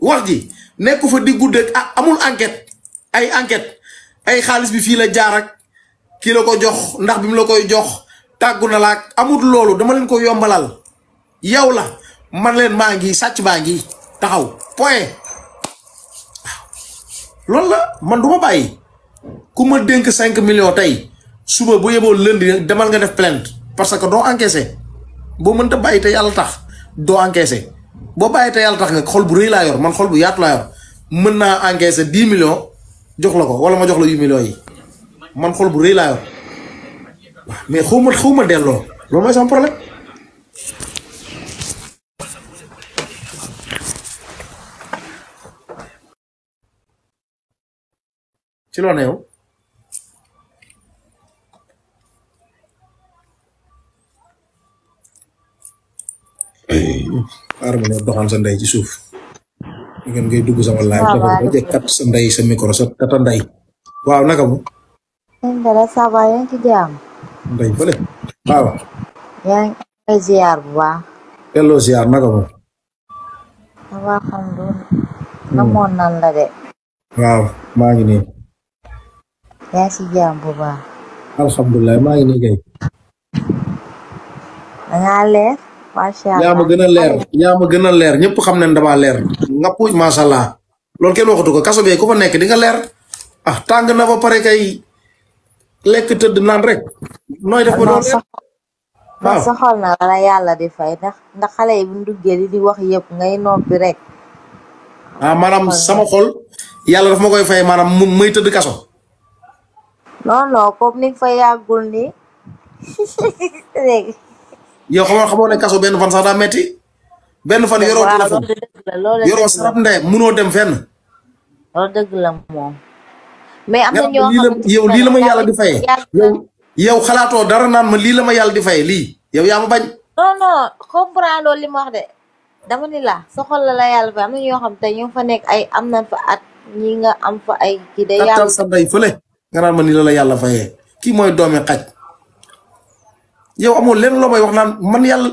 wax ji nekku fa di guddeeg amul enquête ay enquête ay xaliss bi fi la jaar ak ki la ko jox ndax bimu la koy jox taguna lak amul lolu dama len ko yombalal yaw la man len mangi satch sàcc taxaw point lolu la man duma bayyi kuma denk 5 millions tay suba bu yeboo lendi demal nga def plainte parce que do encaissé bo meunta bayyi tay yalla tax do boo bàyyi te yàlla tax nga xol bu rëy laa yor man xol bu yaatu laa mën naa encaisser dix millions jox la ko wala ma jox la huit millions yi man xol bu rëy laa mais xaw ma xaw ma delloo loolu mooy sama problème. ci loolu arma ma doxal sa ndey ci suuf ngeen ngay dugg sama live dafa ba je kat sa ndey sa micro sa tata ndey waaw naka mu ndara sa ba yang ci jam ndey bele waaw yang ay ziar bu baax delo ziar naka mu wa xam do namon nan la de waaw maa ngi nii yaa ci jam bu baax alhamdulillah maa ngi nii kay da nga leer ya ma gën leer ler ma ya, gën ler leer ñëpp xam ne damaa leer nga allah kenn waxatu ko kaso bee ku fa nekk di nga leer ah tàng na ba pare kay lek tëdd naan rek nooy def ba doon leer waaw sa na la yàlla di fay ndax bu di di wax ngay rek. ah maanaam sama xol yàlla daf ma fay maanaam may kaso. non non comme ni nga fa yàggul yo xam nga xamone kasso ben fan sax da metti ben fan yoroo téléphone yoroo sarab ndey mëno dem fenn. loolu deug la mom mais amna ñoo xam yow li la ya, ma di fay yow xalaato dara naan ma li la ma di fay li yow yaa ma bañ. non non comprendre li ma wax de dama ni la soxol la la yalla fa amna ñoo xam tay ñu fa nek ay amna fa at ñi nga am fa ay. ki de yàlla sa ndey fele nga naan ma ni la la yalla fayé ki moy doomi xajj yow amul len lomay wax nan man yàlla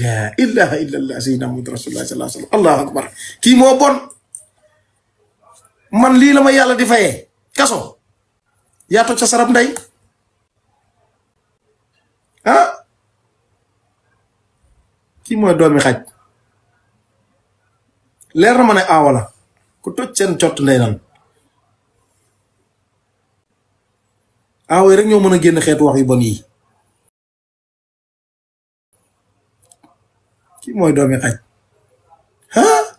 la ilaha illa allah sayyidina muhammad rasulullah sallallahu Alaihi wasallam allah akbar ki mo bon man li lama yalla di fayé kaso ya to ci sarab nday ah ki mo domi xaj leer na mané awala aawa la ku toj seen cott ndey nan awé rek ñoo mëna genn xéet wax yu bon yi kii mooy doomi xaj ah